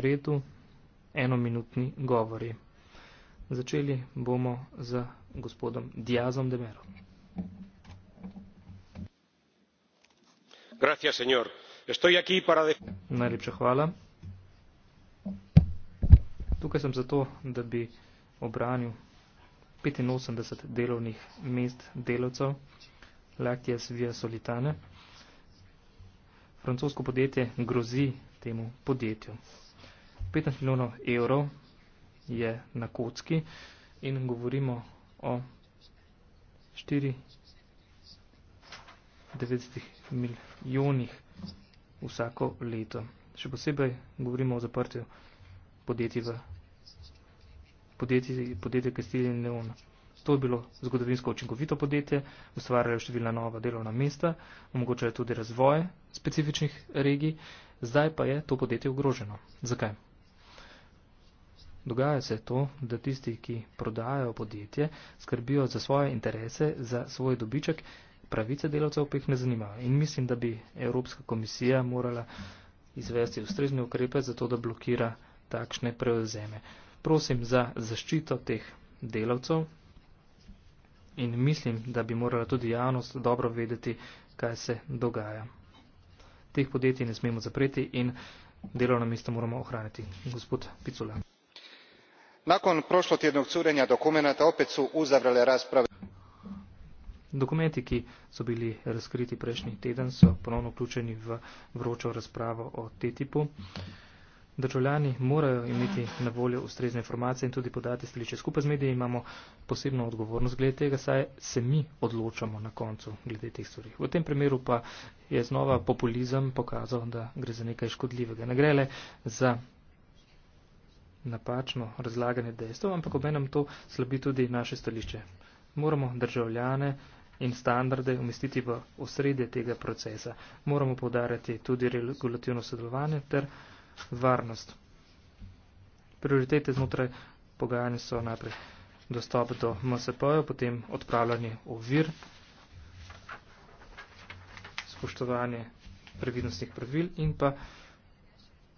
redu enominutni govori. Začeli bomo z gospodom Diazom Demerom. Gracias, señor. Estoy aquí para de... Najlepša hvala. Tukaj sem zato, da bi obranil 85 delovnih mest delavcev Lactias Via Solitane. Francosko podjetje grozi temu podjetju. 15 milijonov evrov je na kocki in govorimo o 4,90 milijonih vsako leto. Še posebej govorimo o zaprtju podjetij, v, podjetij, podjetij Kastilje in Leon. To je bilo zgodovinsko učinkovito podjetje, ustvarjajo številna nova delovna mesta, omogočajo tudi razvoj specifičnih regij, zdaj pa je to podjetje ogroženo. Zakaj? Dogaja se to, da tisti, ki prodajajo podjetje, skrbijo za svoje interese, za svoj dobiček, pravice delavcev pa jih ne zanimajo. In mislim, da bi Evropska komisija morala izvesti ustrezne ukrepe za to, da blokira takšne prevzeme. Prosim za zaščito teh delavcev in mislim, da bi morala tudi javnost dobro vedeti, kaj se dogaja. Teh podjetij ne smemo zapreti in delovna mesta moramo ohraniti. Gospod Picula nakon prošlotjednog curenja dokumenata opet su uzavrele rasprave Dokumenti, ki so bili razkriti prejšnji teden, so ponovno vključeni v vročo razpravo o TTIP-u. Državljani morajo imeti na voljo ustrezne informacije in tudi podati stališče. Skupaj z mediji imamo posebno odgovornost glede tega, saj se mi odločamo na koncu glede teh stvari. V tem primeru pa je znova populizem pokazal, da gre za nekaj škodljivega. Ne gre le za napačno razlaganje dejstev, ampak obenem to slabi tudi naše stališče. Moramo državljane in standarde umestiti v osredje tega procesa. Moramo podarjati tudi regulativno sodelovanje ter varnost. Prioritete znotraj pogajanja so najprej dostop do MSP-ja, potem odpravljanje ovir, spoštovanje previdnostnih pravil in pa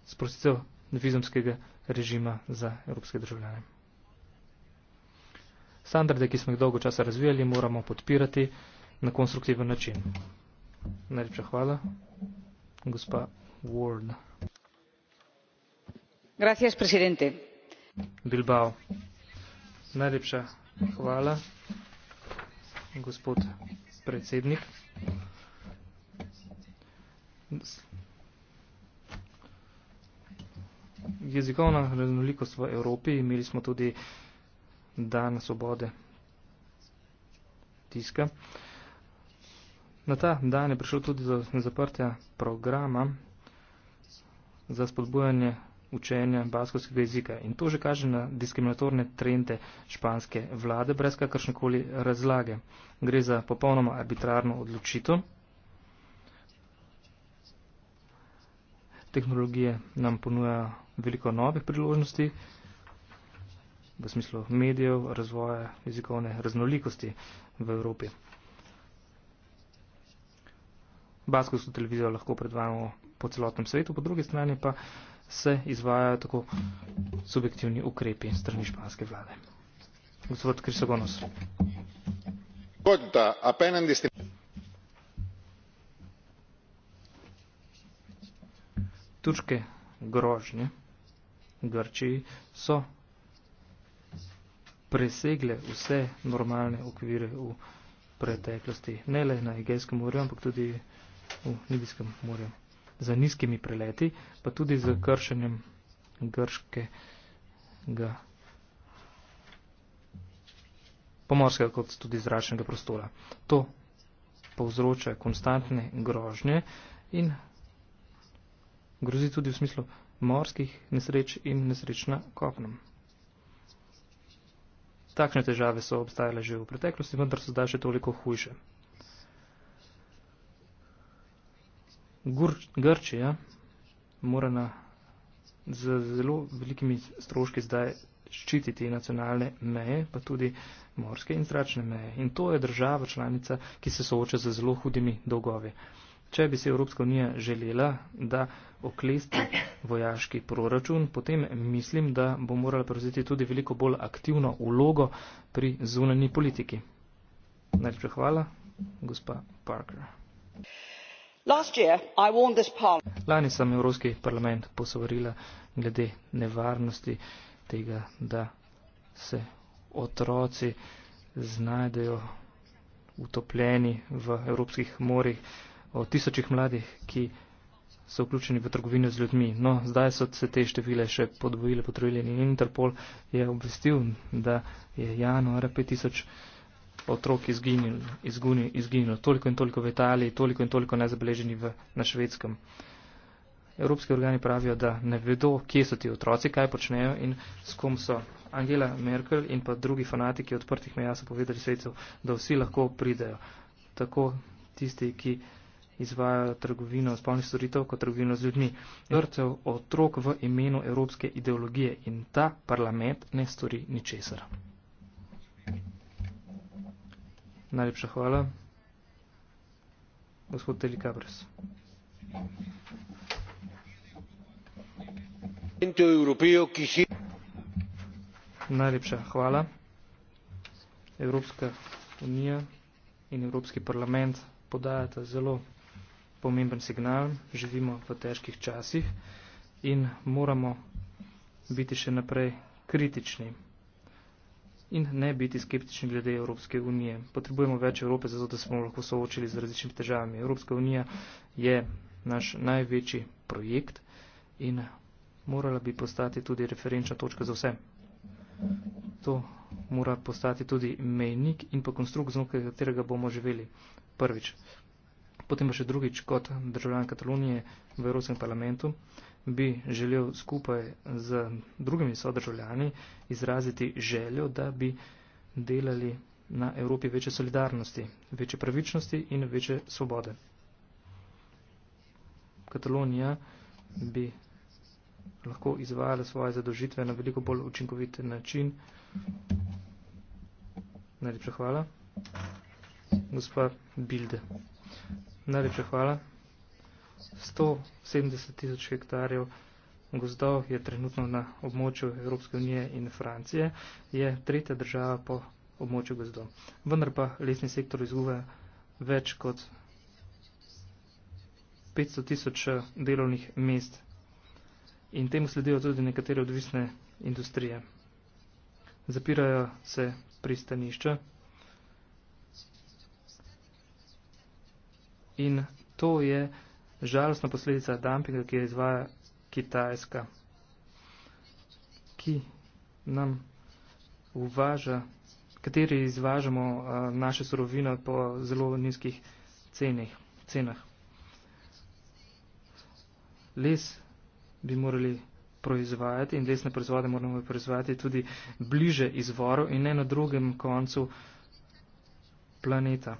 sprostitev vizumskega režima za evropske državljane. Standarde, ki smo jih dolgo časa razvijali, moramo podpirati na konstruktiven način. Najlepša hvala, gospa Ward. Gracias, presidente. Bilbao. Najlepša hvala, gospod predsednik. jezikovna raznolikost v Evropi, imeli smo tudi dan svobode tiska. Na ta dan je prišlo tudi do zaprtja programa za spodbujanje učenja baskovskega jezika in to že kaže na diskriminatorne trende španske vlade brez kakršnekoli razlage. Gre za popolnoma arbitrarno odločitev. tehnologije nam ponuja veliko novih priložnosti v smislu medijev, razvoja jezikovne raznolikosti v Evropi. Baskovsko televizijo lahko predvajamo po celotnem svetu, po drugi strani pa se izvajajo tako subjektivni ukrepi strani španske vlade. Gospod Krisogonos. Gospod, da, turške grožnje Grčiji so presegle vse normalne okvire v preteklosti, ne le na Egejskem morju, ampak tudi v Nibijskem morju, za nizkimi preleti, pa tudi z kršenjem grškega pomorskega kot tudi zračnega prostora. To povzroča konstantne grožnje in grozi tudi v smislu morskih nesreč in nesreč na kopnem. Takšne težave so obstajale že v preteklosti, vendar so zdaj še toliko hujše. Gr Grčija mora na z zelo velikimi stroški zdaj ščititi nacionalne meje, pa tudi morske in zračne meje. In to je država članica, ki se sooča z zelo hudimi dolgovi. Če bi se Evropska unija želela, da oklesti vojaški proračun, potem mislim, da bo morala prevzeti tudi veliko bolj aktivno ulogo pri zunanji politiki. Najlepša hvala, gospa Parker. Lani sem Evropski parlament posvarila glede nevarnosti tega, da se otroci znajdejo utopljeni v evropskih morjih o tisočih mladih, ki so vključeni v trgovino z ljudmi. No, zdaj so se te števile še podvojile, potrojile in Interpol je obvestil, da je januara 5000 otrok izginilo, izginil, toliko in toliko v Italiji, toliko in toliko nezabeleženi v, na švedskem. Evropski organi pravijo, da ne vedo, kje so ti otroci, kaj počnejo in s kom so. Angela Merkel in pa drugi fanatiki odprtih meja so povedali svetcev, da vsi lahko pridejo. Tako tisti, ki izvajajo trgovino spolnih storitev kot trgovino z ljudmi. Vrtev otrok v imenu evropske ideologije in ta parlament ne stori ničesar. Najlepša hvala. Gospod Telikabres. Najlepša hvala. Evropska unija in Evropski parlament podajata zelo pomemben signal, živimo v težkih časih in moramo biti še naprej kritični in ne biti skeptični glede Evropske unije. Potrebujemo več Evrope, zato da smo lahko soočili z različnimi težavami. Evropska unija je naš največji projekt in morala bi postati tudi referenčna točka za vse. To mora postati tudi mejnik in pa konstrukt, znotraj katerega bomo živeli. Prvič, Potem pa še drugič kot državljan Katalonije v Evropskem parlamentu bi želel skupaj z drugimi sodržavljani izraziti željo, da bi delali na Evropi večje solidarnosti, večje pravičnosti in večje svobode. Katalonija bi lahko izvajala svoje zadožitve na veliko bolj učinkovit način. Najlepša hvala. Gospa Bilde. Najlepša hvala. 170 tisoč hektarjev gozdov je trenutno na območju Evropske unije in Francije, je tretja država po območju gozdov. Vendar pa lesni sektor izgube več kot 500 tisoč eh, delovnih mest in temu sledijo tudi nekatere odvisne industrije. Zapirajo se pristanišča. In to je žalostna posledica dumpinga, ki ga izvaja Kitajska, ki nam uvaža, kateri izvažamo a, uh, naše surovine po zelo nizkih cenih, cenah. Les bi morali proizvajati in lesne proizvode moramo proizvajati tudi bliže izvoru in ne na drugem koncu planeta.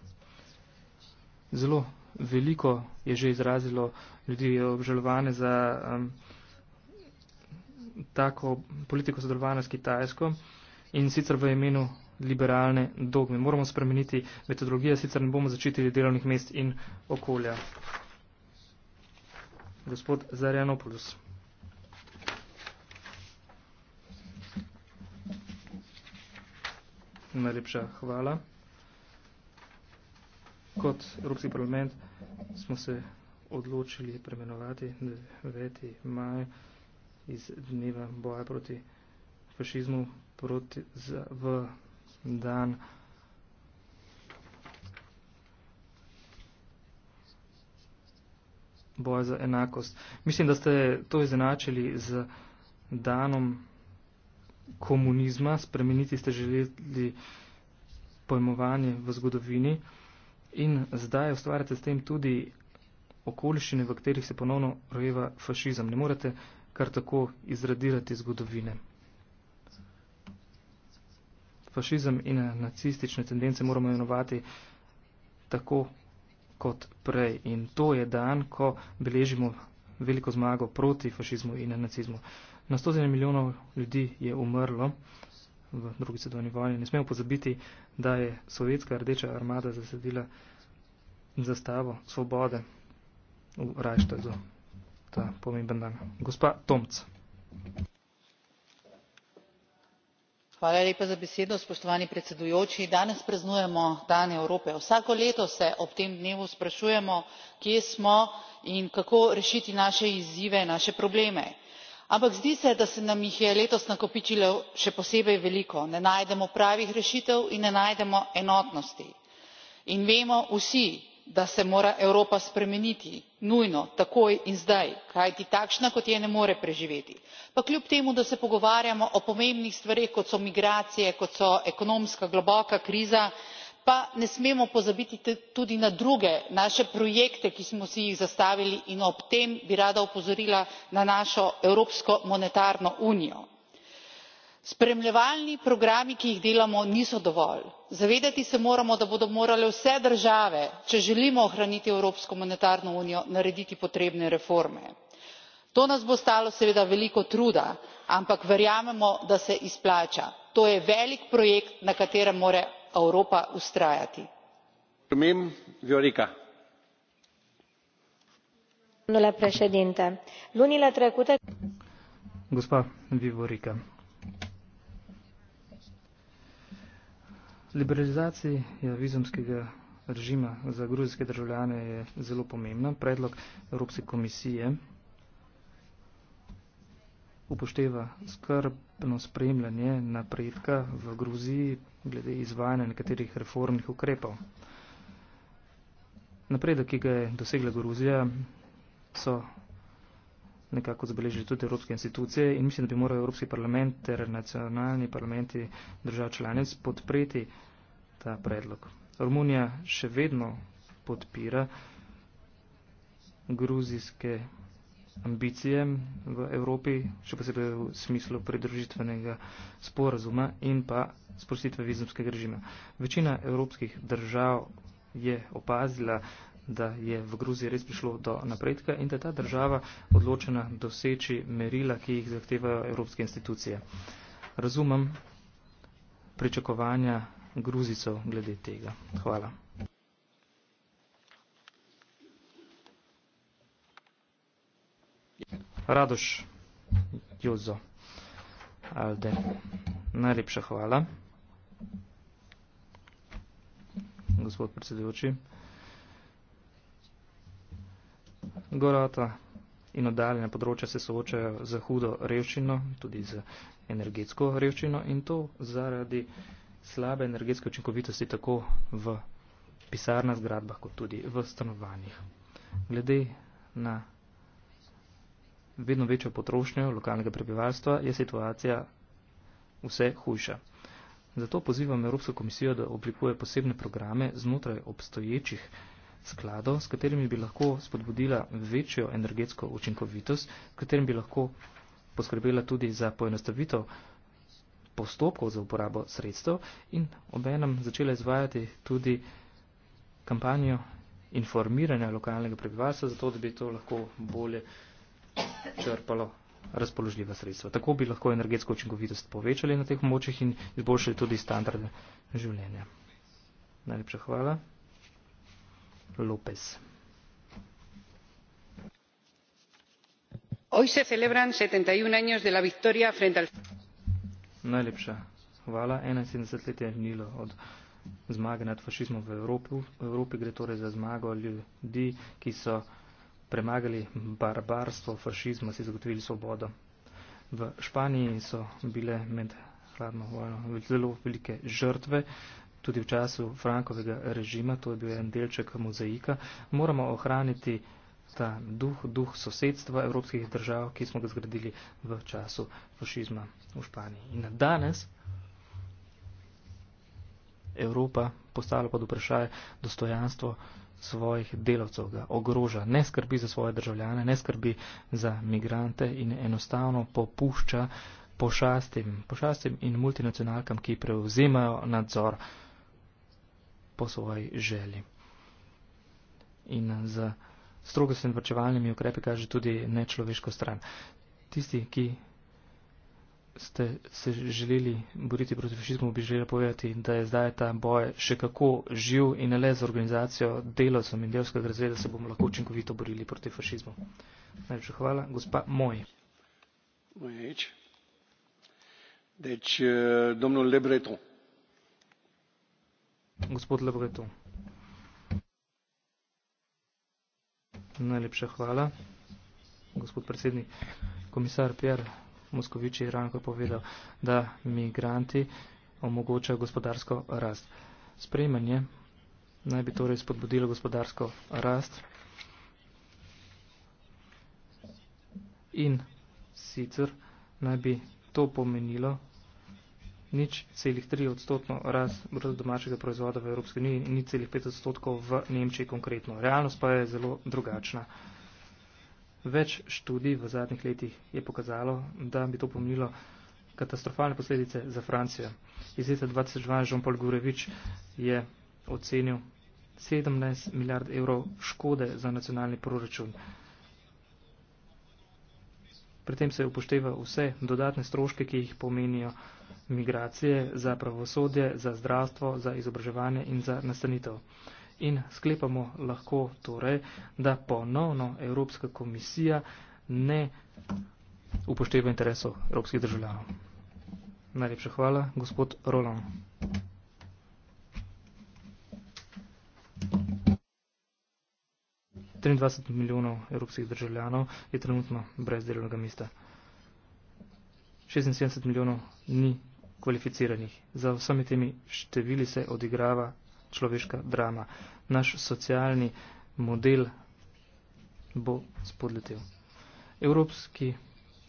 Zelo veliko je že izrazilo ljudi obžalovane za um, tako politiko sodelovanja s Kitajsko in sicer v imenu liberalne dogme. Moramo spremeniti metodologijo, sicer ne bomo začitili delovnih mest in okolja. Gospod Zarianopoulos. Najlepša hvala kot Evropski parlament smo se odločili premenovati 9. maj iz dneva boja proti fašizmu proti z, v dan boja za enakost. Mislim, da ste to izenačili z danom komunizma, spremeniti ste želeli pojmovanje v zgodovini. In zdaj ustvarjate s tem tudi okoliščine, v katerih se ponovno rojeva fašizem. Ne morete kar tako izradirati zgodovine. Fašizem in nacistične tendence moramo imenovati tako kot prej. In to je dan, ko beležimo veliko zmago proti fašizmu in nacizmu. Na 100 milijonov ljudi je umrlo, v drugi svetovni vojni. Ne smemo pozabiti, da je sovjetska rdeča armada zasedila zastavo svobode v Rajštadzu. Ta pomemben dan. Gospa Tomc. Hvala lepa za besedo, spoštovani predsedujoči. Danes praznujemo Dan Evrope. Vsako leto se ob tem dnevu sprašujemo, kje smo in kako rešiti naše izzive, naše probleme ampak zdi se da se nam jih je letos nakopičilo še posebej veliko ne najdemo pravih rešitev in ne najdemo enotnosti in vemo vsi da se mora evropa spremeniti nujno takoj in zdaj kajti takšna kot je ne more preživeti pa kljub temu da se pogovarjamo o pomembnih stvareh kot so migracije kot so ekonomska globoka kriza pa ne smemo pozabiti tudi na druge naše projekte ki smo si jih zastavili in ob tem bi rada opozorila na našo evropsko monetarno unijo. spremljevalni programi ki jih delamo niso dovolj zavedati se moramo da bodo morale vse države če želimo ohraniti evropsko monetarno unijo narediti potrebne reforme. to nas bo stalo seveda veliko truda ampak verjamemo da se izplača. to je velik projekt na katerem mora evropa vztrajati. liberalizacija vizumskega režima za gruzijske državljane je zelo pomembna predlog evropske komisije upošteva skrbno spremljanje napredka v gruziji glede izvajanja nekaterih reformnih ukrepov. Napredek, ki ga je dosegla Gruzija, so nekako zabeležili tudi evropske institucije in mislim, da bi moral Evropski parlament ter nacionalni parlamenti držav članic podpreti ta predlog. Romunija še vedno podpira gruzijske ambicijem v Evropi, še posebej v smislu pridružitvenega sporazuma in pa sprostitve vizumskega režima. Večina evropskih držav je opazila, da je v Gruziji res prišlo do napredka in da je ta država odločena doseči merila, ki jih zahtevajo evropske institucije. Razumem pričakovanja Gruzicov glede tega. Hvala. Radoš Juzo Alde, najlepša hvala. Gospod predsedujoči. Gorata in oddaljena področja se soočajo za hudo revščino, tudi za energetsko revščino in to zaradi slabe energetske učinkovitosti tako v pisarnah zgradbah kot tudi v stanovanjih. Glede na vedno večjo potrošnjo lokalnega prebivalstva, je situacija vse hujša. Zato pozivam Evropsko komisijo, da oblikuje posebne programe znotraj obstoječih skladov, s katerimi bi lahko spodbudila večjo energetsko učinkovitost, s katerim bi lahko poskrbela tudi za poenostavitev postopkov za uporabo sredstev in obenem začela izvajati tudi kampanjo informiranja lokalnega prebivalstva, zato da bi to lahko bolje črpalo razpoložljiva sredstva. Tako bi lahko energetsko učinkovitost povečali na teh močih in izboljšali tudi standarde življenja. Najlepša hvala. López. Hoy se celebran 71 años de la victoria frente al... Najlepša hvala. 71 let je minilo od zmage nad fašizmom v Evropi. V Evropi gre torej za zmago ljudi, ki so premagali barbarstvo, fašizma, si zagotovili svobodo. V Španiji so bile med hladno vojno zelo velike žrtve, tudi v času Frankovega režima, to je bil en delček mozaika. Moramo ohraniti ta duh, duh sosedstva evropskih držav, ki smo ga zgradili v času fašizma v Španiji. In danes Evropa postala pod vprašaj dostojanstvo svojih delavcev, ga ogroža, ne skrbi za svoje državljane, ne skrbi za migrante in enostavno popušča pošastim, pošastim in multinacionalkam, ki prevzemajo nadzor po svoji želji. In eh, z strogo sem vrčevalnimi ukrepi kaže tudi nečloveško stran. Tisti, ki ste se želeli boriti proti fašizmu, bi želela povedati, da je zdaj ta boj še kako živ in ne le z organizacijo delovcev in delovskega razreda se bomo lahko učinkovito borili proti fašizmu. Najlepša hvala. Gospa Moj. Moj reč. Deč, eh, domnul Le Breton. Gospod Le Breton. Najlepša hvala. Gospod predsednik, komisar Pierre. Moskovič Iran, ko je povedal, da migranti omogočajo gospodarsko rast. Sprejmanje naj bi torej spodbudilo gospodarsko rast in sicer naj bi to pomenilo nič celih tri odstotno rast brudo domačega proizvoda v Evropski uniji in nič celih pet odstotkov v Nemčiji konkretno. Realnost pa je zelo drugačna. Več študij v zadnjih letih je pokazalo, da bi to pomenilo katastrofalne posledice za Francijo. Iz leta 2012 Jean-Paul Gurevič je ocenil 17 milijard evrov škode za nacionalni proračun. Pri tem se upošteva vse dodatne stroške, ki jih pomenijo migracije za pravosodje, za zdravstvo, za izobraževanje in za nastanitev in sklepamo lahko torej, da ponovno Evropska komisija ne upošteva interesov evropskih državljanov. Najlepša hvala, gospod Roland. Trindvajset milijonov evropskih državljanov je trenutno brez delovnega mesta. 76 milijonov ni kvalificiranih. Za vsemi temi števili se odigrava človeška drama. Naš socialni model bo spodletel. Evropski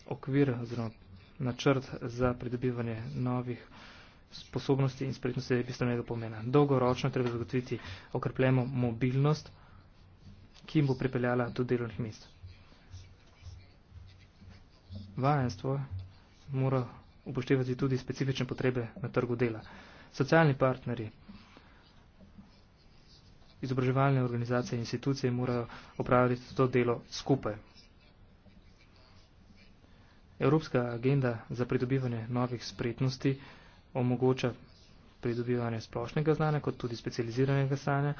okvir oziroma načrt za pridobivanje novih sposobnosti in spretnosti je bistvenega pomena. Dolgoročno treba zagotoviti okrepljeno mobilnost, ki jim bo pripeljala do delovnih mest. Vajenstvo mora upoštevati tudi specifične potrebe na trgu dela. Socialni partneri izobraževalne organizacije in institucije morajo opraviti to delo skupaj. Evropska agenda za pridobivanje novih spretnosti omogoča pridobivanje splošnega znanja, kot tudi specializiranega stanja,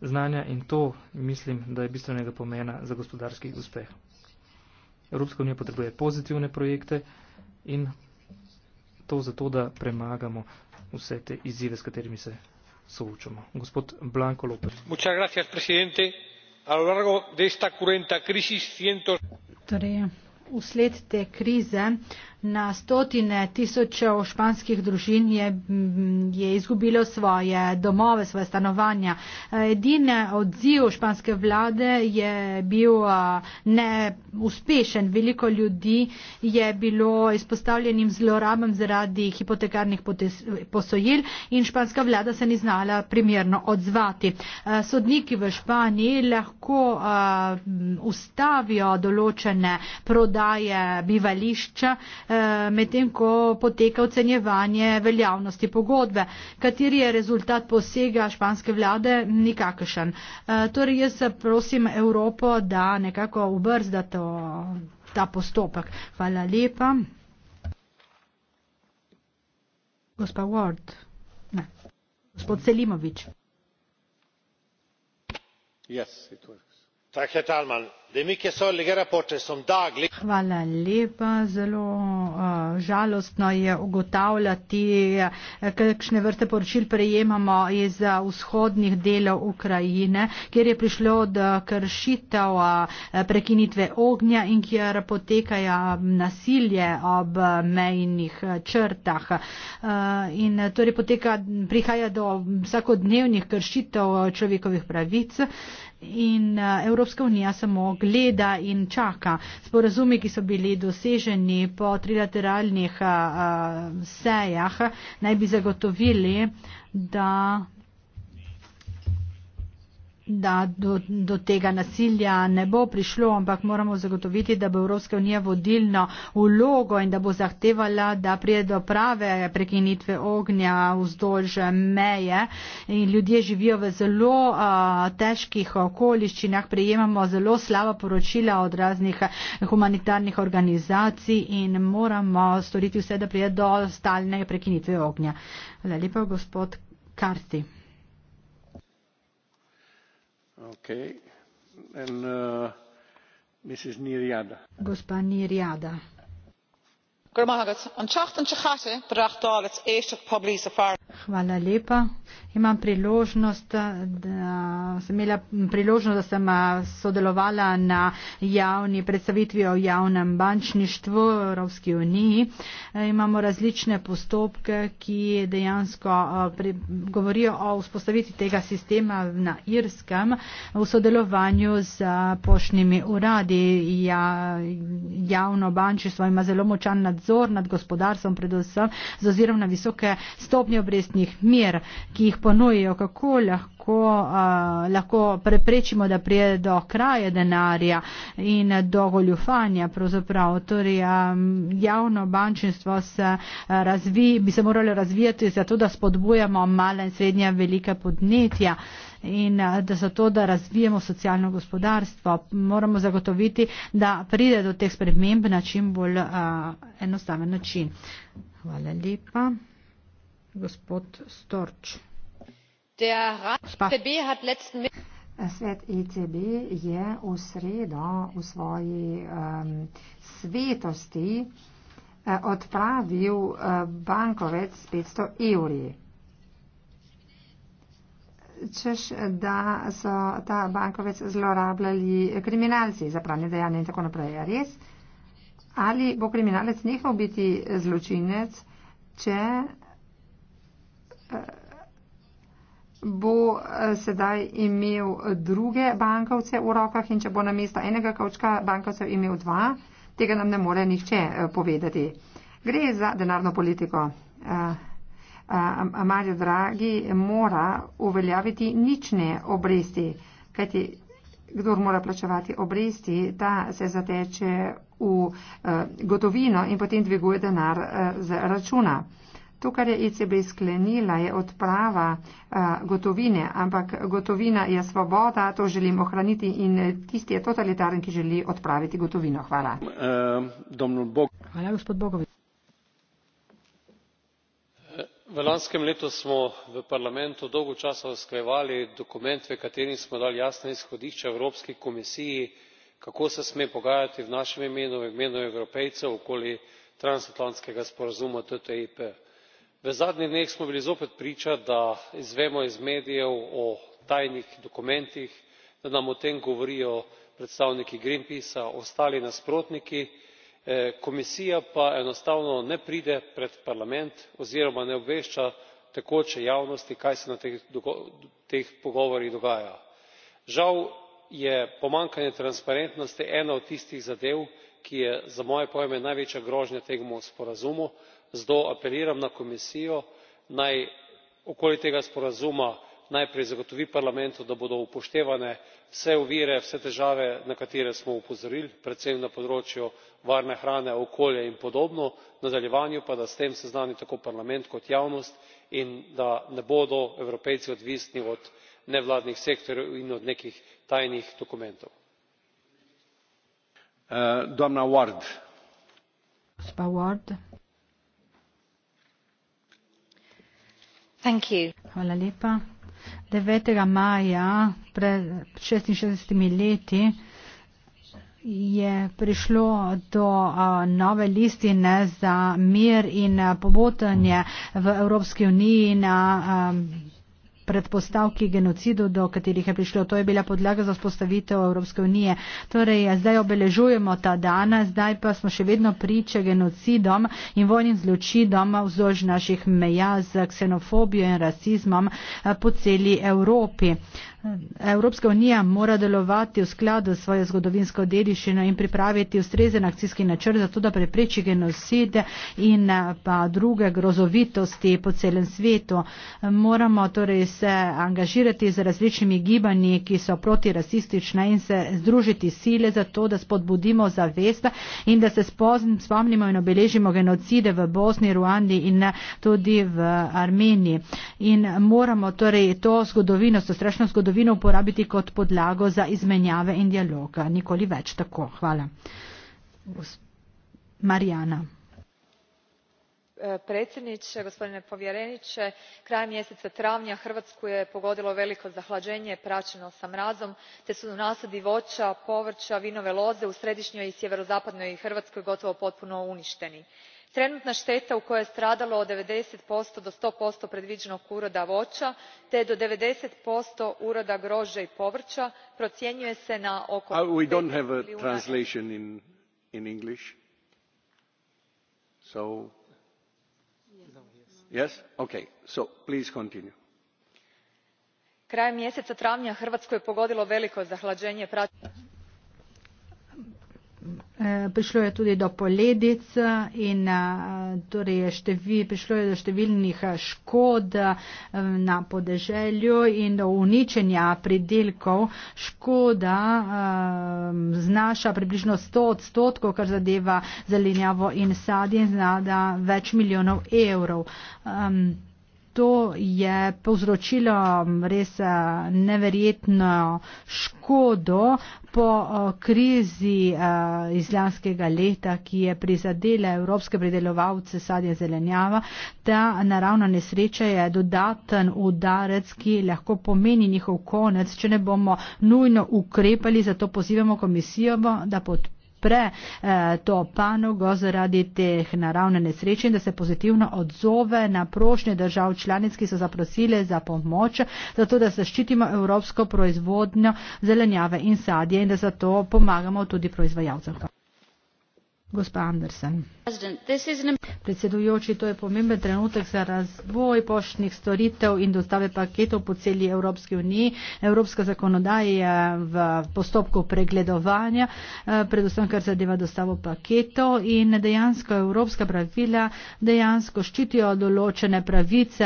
znanja in to mislim, da je bistvenega pomena za gospodarski uspeh. Evropska unija potrebuje pozitivne projekte in to zato, da premagamo vse te izzive, s katerimi se soočamo. gospod blanco lpez. torej vsled te krize so številne države članice na stotine tisočev španskih družin je, je izgubilo svoje domove, svoje stanovanja. Edine odziv španske vlade je bil neuspešen. Veliko ljudi je bilo izpostavljenim zlorabam zaradi hipotekarnih posojil in španska vlada se ni znala primerno odzvati. Sodniki v Španiji lahko ustavijo določene prodaje bivališča, Eh, medtem ko poteka ocenjevanje veljavnosti pogodbe, kateri je rezultat posega španske vlade nikakršen. Eh, torej jaz prosim Evropo, da nekako ubrzda to, ta postopek. Hvala lepa. Gospa Ward. Ne. Gospod Selimovič. Yes, Tak je Talman. Hvala lepa. Zelo uh, žalostno je ugotavljati, eh, kakšne vrste poročil prejemamo iz eh, vzhodnih delov Ukrajine, kjer je prišlo do kršitev uh, prekinitve ognja in kjer potekajo nasilje ob mejnih črtah. Uh, in torej poteka, prihaja do vsakodnevnih kršitev človekovih pravic. In Evropska unija se mora gleda in čaka. Sporazumi, ki so bili doseženi po trilateralnih uh, sejah, naj bi zagotovili, da da do, do tega nasilja ne bo prišlo, ampak moramo zagotoviti, da bo Evropska unija vodilno vlogo in da bo zahtevala, da prije do prave prekinitve ognja vzdolž meje. In ljudje živijo v zelo a, težkih okoliščinah, prejemamo zelo slaba poročila od raznih humanitarnih organizacij in moramo storiti vse, da prije do stalne prekinitve ognja. Hvala lepa, gospod Karti. Uh, Gospa Nirjada. Goedemorgen. Een 28 gasten bracht door het eerste publieke safari. Hvala lepa. Imam priložnost, da sem imela priložnost, da sem sodelovala na javni predstavitvi o javnem bančništvu v Evropski uniji. E, imamo različne postopke, ki dejansko pri, govorijo o vzpostavitvi tega sistema na Irskem v sodelovanju z poštnimi uradi. Ja, javno bančništvo ima zelo močan nadzor nad gospodarstvom, predvsem z ozirom na visoke stopnje obresti tovrstnih mir, ki jih ponujajo, kako lahko, uh, lahko preprečimo, da prije do kraja denarja in do goljufanja. Pravzaprav torej, um, javno bančinstvo se, uh, razvi, bi se moralo razvijati zato, da spodbujamo male in srednje velike podnetja in da za to, da razvijemo socialno gospodarstvo, moramo zagotoviti, da pride do teh sprememb na čim bolj uh, enostaven način. Hvala lepa. E Svet ECB je v sredo v svoji um, svetosti eh, odpravil eh, bankovec s 500 evri. Češ, da so ta bankovec zlorabljali kriminalci za pranje dejanja in tako naprej. Res? Ali bo kriminalec nehal biti zločinec, če bo eh, sedaj imel druge bankovce v rokah in če bo na mesto enega kavčka bankovcev imel dva, tega nam ne more nihče eh, povedati. Gre za denarno politiko. Eh, Mario Draghi mora uveljaviti nične obresti, kajti kdor mora plačevati obresti, ta se zateče v gotovino in potem dviguje denar z računa. To, kar je ECB sklenila, je odprava eh, gotovine, ampak gotovina je svoboda, to želim ohraniti in tisti je totalitaren, ki želi odpraviti gotovino. Hvala. Eh, Hvala, gospod Bogovič. Eh, v lanskem letu smo v parlamentu dolgo časa usklajevali dokument, v katerem smo dali jasne izhodišče Evropski komisiji, kako se sme pogajati v našem imenu, v imenu evropejcev okoli transatlantskega sporazuma TTIP v zadnjih dneh smo bili zopet priča da izvemo iz medijev o tajnih dokumentih da nam o tem govorijo predstavniki greenpeacea ostali nasprotniki eh, komisija pa enostavno ne pride pred parlament oziroma ne obvešča tekoče javnosti kaj se na teh pogovorih dogaja. žal je pomanjkanje transparentnosti ena od tistih zadev ki je za moje pojme največja grožnja temu sporazumu zato apeliram na komisijo naj okoli tega sporazuma najprej zagotovi parlamentu da bodo upoštevane vse ovire vse težave na katere smo opozorili predvsem na področju varne hrane okolja in podobno v nadaljevanju pa da s tem seznani tako parlament kot javnost in da ne bodo evropejci odvisni od nevladnih sektorjev in od nekih tajnih dokumentov. Eh, Thank you. Hvala lepa. 9. maja pred 66 leti je prišlo do uh, nove listine za mir in pobotanje v Evropski uniji na um, predpostavki genocidu, do katerih je prišlo. To je bila podlaga za vzpostavitev Evropske unije. Torej, zdaj obeležujemo ta dan, zdaj pa smo še vedno priče genocidom in vojnim zločinom vzdolž naših meja z ksenofobijo in rasizmom eh, po celi Evropi. Evropska unija mora delovati v skladu s svojo zgodovinsko dediščino in pripraviti ustrezen akcijski načrt za to, da prepreči genocide in eh, pa druge grozovitosti po celem svetu. Moramo torej se angažirati z različnimi gibanji, ki so protirasistične in se združiti sile za to, da spodbudimo zavest in da se spomnimo in obeležimo genocide v Bosni, Ruandi in eh, tudi v Armeniji. In moramo torej to zgodovino, to strašno zgodovino, zgodovino uporabiti kot podlago za izmenjave in dialoga. Nikoli več tako. Hvala. Marijana. E, predsjedniče gospodine povjereniče krajem mjeseca travnja hrvatsku je pogodilo veliko zahlađenje praćeno sa mrazom te su nasadi voća povrća vinove loze u središnjoj i sjeverozapadnoj hrvatskoj gotovo potpuno uništeni trenutna teta u kojoj je stradalo od ninety do one hundred posto uroda voa te do ninety uroda groa i povra procjenjuje se na oko. Uh, we do not have a translation in english so yes ok so please continue. krajem mjeseca travnja hrvatsku je pogodilo veliko zahlaenje. Eh, prišlo je tudi do poledic in eh, torej je števi, prišlo je do številnih eh, škod na podeželju in do uničenja pridelkov. Škoda znaša približno 100 odstotkov, kar zadeva zelenjavo in sadje in znada več milijonov evrov to je povzročilo res eh, neverjetno škodo po eh, krizi eh, iz lanskega leta, ki je prizadela evropske predelovalce sadja zelenjava. Ta naravna nesreča je dodaten udarec, ki lahko pomeni njihov konec, če ne bomo nujno ukrepali, zato pozivamo komisijo, da podpira podpre eh, to panogo zaradi teh naravne nesreče in da se pozitivno odzove na prošnje držav članic, ki so zaprosile za pomoč, zato da zaščitimo evropsko proizvodnjo zelenjave in sadje in da zato pomagamo tudi proizvajalcem. Gospa Andersen. Predsedujoči, to je pomemben trenutek za razvoj poštnih storitev in dostave paketov po celi Evropski uniji. Evropska zakonodaja je v postopku pregledovanja, eh, predvsem kar zadeva dostavo paketov in dejansko evropska pravila dejansko ščitijo določene pravice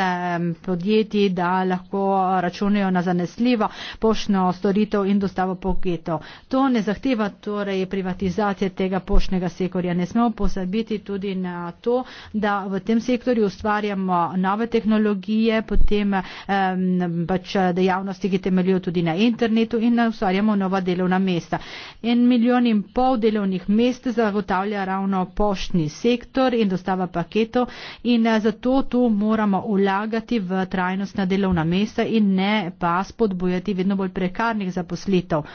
podjetij, da lahko računajo na zanesljivo poštno storitev in dostavo paketov. To ne zahteva torej privatizacije tega poštnega sektorja sektorja. Ne smemo pozabiti tudi na to, da v tem sektorju ustvarjamo nove tehnologije, potem um, pač dejavnosti, ki temeljijo tudi na internetu in ustvarjamo nova delovna mesta. En milijon in pol delovnih mest zagotavlja ravno poštni sektor in dostava paketov in eh, zato tu moramo vlagati v trajnostna delovna mesta in ne pa spodbojati vedno bolj prekarnih zaposlitev. Uh,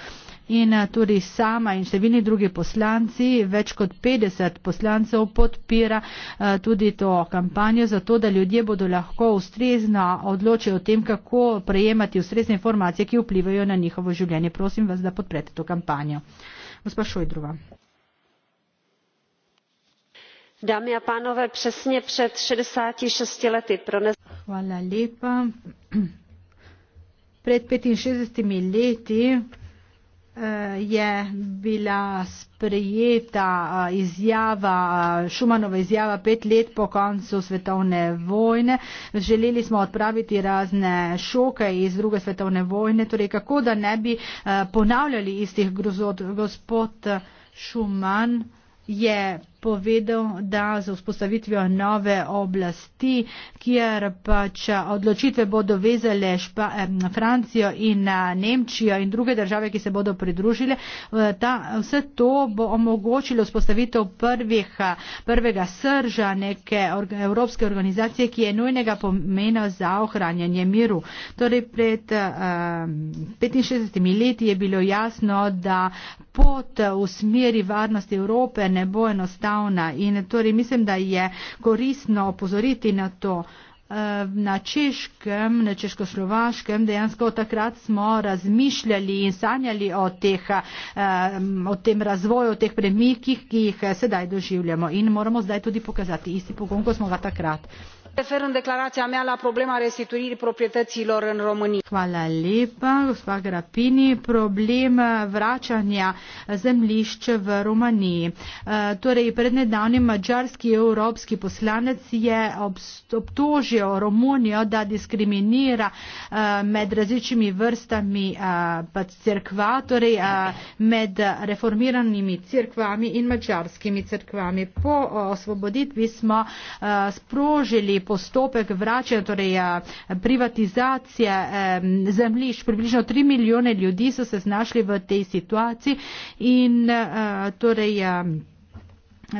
in eh, tudi sama in številni drugi poslanci, več kot 50 poslancev podpira eh, tudi to kampanjo, zato da ljudje bodo lahko ustrezno odločili o tem, kako prejemati ustrezne informacije, ki vplivajo na njihovo življenje. Prosim vas, da podprete to kampanjo. Gospa Šojdrova. Dame in panove, presne pred 66 leti prones. Hvala lepa. Pred 65 leti je bila sprejeta izjava, Šumanova izjava pet let po koncu svetovne vojne. Želeli smo odpraviti razne šoke iz druge svetovne vojne, torej kako da ne bi ponavljali istih grozot. Gospod Šuman je povedal, da z vzpostavitvijo nove oblasti, kjer pač odločitve bodo vezale špa, Francijo in eh, Nemčijo in druge države, ki se bodo pridružile, ta, vse to bo omogočilo vzpostavitev prvih, eh, prvega srža neke evropske organizacije, ki je nujnega pomena za ohranjanje miru. Torej pred um, eh, 65 leti je bilo jasno, da pot v smeri varnosti Evrope ne bo enostavna enostavna in torej mislim, da je koristno opozoriti na to. Eh, na češkem, na češkoslovaškem dejansko takrat smo razmišljali in sanjali o, teh, eh, o tem razvoju, o teh premikih, ki jih eh, sedaj doživljamo in moramo zdaj tudi pokazati isti pogon, kot smo ga takrat mă refer în declarația mea la problema restituirii proprietăților în românia. E, torej, pred nedavnim mađarski evropski poslanec je obtožil Romunijo, da diskriminira e, med različnimi vrstami e, crkva, torej med reformiranimi crkvami in mađarskimi crkvami. Po osvoboditvi smo sprožili postopek vračanja, torej eh, privatizacije zemljišč. Približno 3 milijone ljudi so se znašli v tej situaciji in eh, torej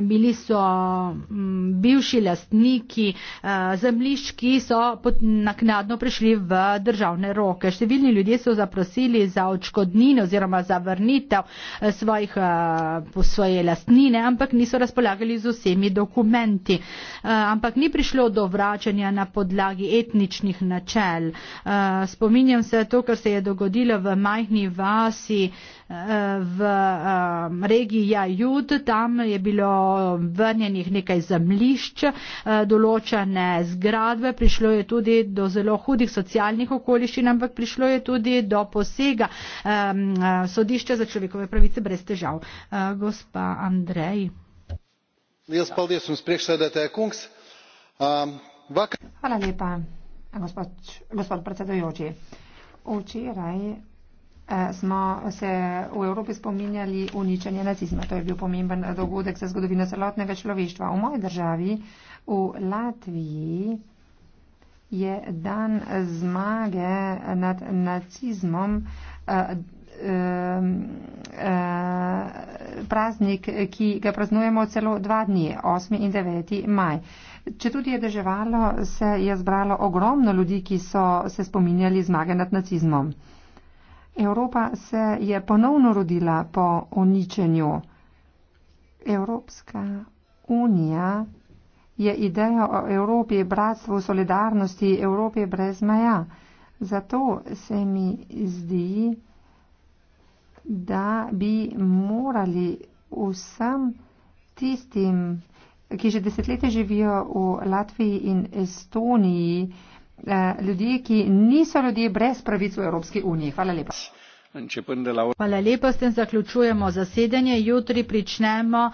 bili so m, mm, bivši lastniki a, eh, zemljišč, ki so naknadno prišli v državne roke. Številni ljudje so zaprosili za očkodnino oziroma za vrnitev eh, svojih, a, eh, svoje lastnine, ampak niso razpolagali z vsemi dokumenti. A, ampak ni prišlo do vračanja na podlagi etničnih načel. A, spominjam se to, kar se je dogodilo v majhni vasi. A, v um, regiji Jajud, tam je bilo vrnjenih nekaj zemlišč, uh, določene zgradbe, prišlo je tudi do zelo hudih socialnih okoliščin, ampak prišlo je tudi do posega um, uh, sodišča za človekove pravice brez težav. Uh, gospa Andrej. Um, Hvala lepa, gospod, gospod predsedujoči. Včeraj Eh, smo se v Evropi spominjali uničenje nacizma. To je bil pomemben dogodek za zgodovino celotnega človeštva. V moji državi, v Latviji, je dan zmage nad nacizmom eh, eh, praznik, ki ga praznujemo celo dva dni, 8. in 9. maj. Če tudi je deževalo, se je zbralo ogromno ljudi, ki so se spominjali zmage nad nacizmom. Evropa se je ponovno rodila po uničenju. Evropska unija je ideja o Evropi, bratstvu, solidarnosti, Evropi brez meja. Zato se mi zdi, da bi morali vsem tistim, ki že desetletje živijo v Latviji in Estoniji, Eh, ljudje, ki niso ljudje brez pravic v Evropski uniji. Hvala lepa. Hvala lepa, s tem zaključujemo zasedanje. Jutri pričnemo.